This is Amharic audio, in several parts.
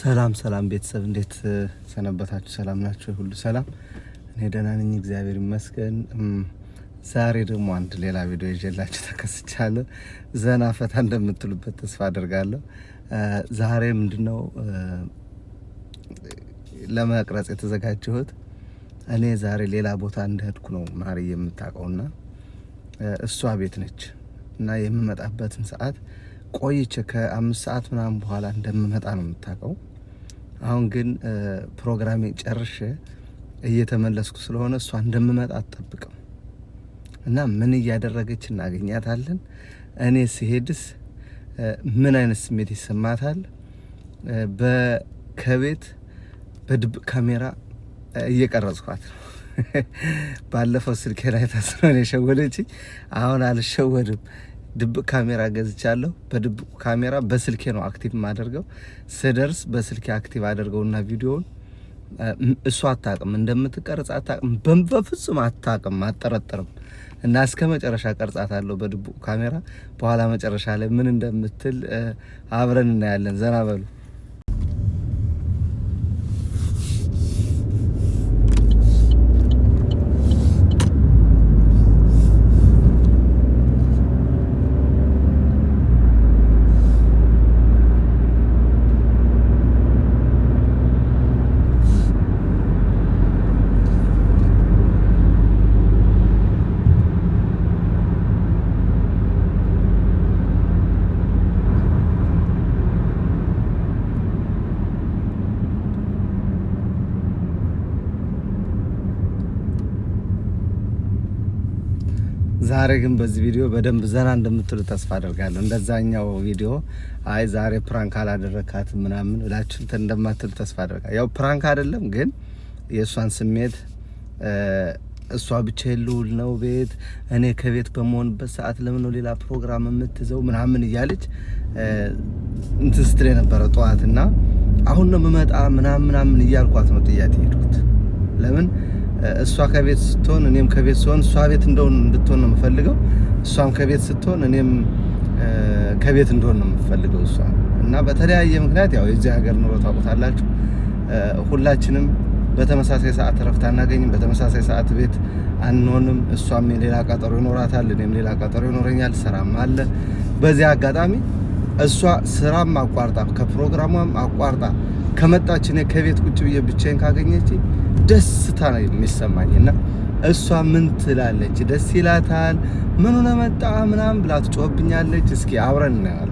ሰላም ሰላም ቤተሰብ እንዴት ሰነበታችሁ? ሰላም ናችሁ? ሁሉ ሰላም? እኔ ደህና ነኝ፣ እግዚአብሔር ይመስገን። ዛሬ ደግሞ አንድ ሌላ ቪዲዮ ይዤላችሁ ተከስቻለሁ። ዘና ፈታ እንደምትሉበት ተስፋ አደርጋለሁ። ዛሬ ምንድነው ለመቅረጽ የተዘጋጀሁት እኔ ዛሬ ሌላ ቦታ እንደሄድኩ ነው ማሪ የምታውቀውና እሷ ቤት ነች እና የምመጣበትን ሰዓት ቆይቼ ከአምስት ሰዓት ምናምን በኋላ እንደምመጣ ነው የምታውቀው። አሁን ግን ፕሮግራሜን ጨርሼ እየተመለስኩ ስለሆነ እሷ እንደምመጣ አትጠብቅም እና ምን እያደረገች እናገኛታለን? እኔ ስሄድስ ምን አይነት ስሜት ይሰማታል? ከቤት በድብቅ ካሜራ እየቀረጽኳት ነው። ባለፈው ስልኬ ላይ ታስረን የሸወደችኝ፣ አሁን አልሸወድም። ድብቅ ካሜራ ገዝቻለሁ። በድብቁ ካሜራ በስልኬ ነው አክቲቭ የማደርገው። ስደርስ በስልኬ አክቲቭ አደርገውና ቪዲዮውን እሱ አታቅም፣ እንደምትቀርጽ አታቅም፣ በፍጹም አታቅም፣ አጠረጥርም። እና እስከ መጨረሻ አለው በድብቁ ካሜራ። በኋላ መጨረሻ ላይ ምን እንደምትል አብረን እናያለን። ዘና በሉ። ዛሬ ግን በዚህ ቪዲዮ በደንብ ዘና እንደምትሉ ተስፋ አደርጋለሁ። እንደዛኛው ቪዲዮ አይ ዛሬ ፕራንክ አላደረካት ምናምን ላችሁ እንደማትሉ ተስፋ አደርጋለሁ። ያው ፕራንክ አይደለም ግን የእሷን ስሜት እሷ ብቻ የልውል ነው ቤት እኔ ከቤት በመሆንበት ሰዓት ለምን ነው ሌላ ፕሮግራም የምትዘው ምናምን እያለች እንትን ስትል የነበረው ጠዋት እና አሁን ነው የምመጣ ምናምን ምናምን እያልኳት ነው ጥያቄ ሄድኩት ለምን እሷ ከቤት ስትሆን እኔም ከቤት ስሆን እሷ ቤት እንደሆን እንድትሆን ነው የምፈልገው። እሷም ከቤት ስትሆን እኔም ከቤት እንደሆን ነው የምፈልገው እሷ እና በተለያየ ምክንያት ያው የዚህ ሀገር ኑሮ ታውቁታላችሁ። ሁላችንም በተመሳሳይ ሰዓት እረፍት አናገኝም። በተመሳሳይ ሰዓት ቤት አንሆንም። እሷም ሌላ ቀጠሮ ይኖራታል፣ እኔም ሌላ ቀጠሮ ይኖረኛል። ስራም አለ። በዚህ አጋጣሚ እሷ ስራም አቋርጣ ከፕሮግራሟም አቋርጣ ከመጣች እኔ ከቤት ቁጭ ብዬ ብቻዬን ካገኘች ደስታ ነው የሚሰማኝ እና እሷ ምን ትላለች? ደስ ይላታል? ምን ሆነ መጣ ምናምን ብላ ትጮህብኛለች። እስኪ አብረን እናያለን።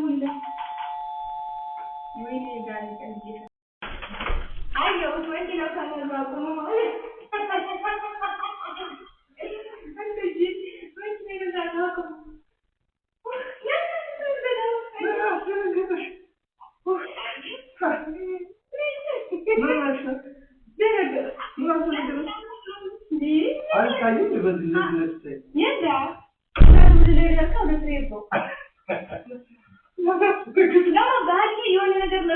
Юля. Мы не играли компьютер. Ну, а ну, а, а, а. я вот мой телефон назвал, по-моему. Arkayı mı vazgeçirsiniz? Ne de? Ben bu dilleri yakaladım.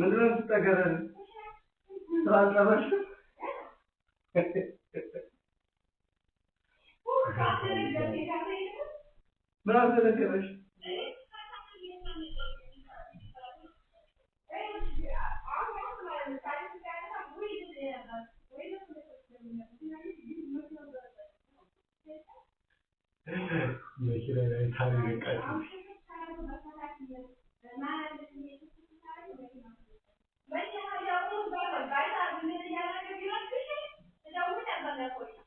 ምንድነው የምትጠገረን? ስራ ጨረሽ? ምን አስደነገረሽ? መኪና ላይ ታሪቃ mấy cái hai dao nó không có lần cái là mình nên ra nó cho cái lắc chứ đâu có chạm bằng là quỷ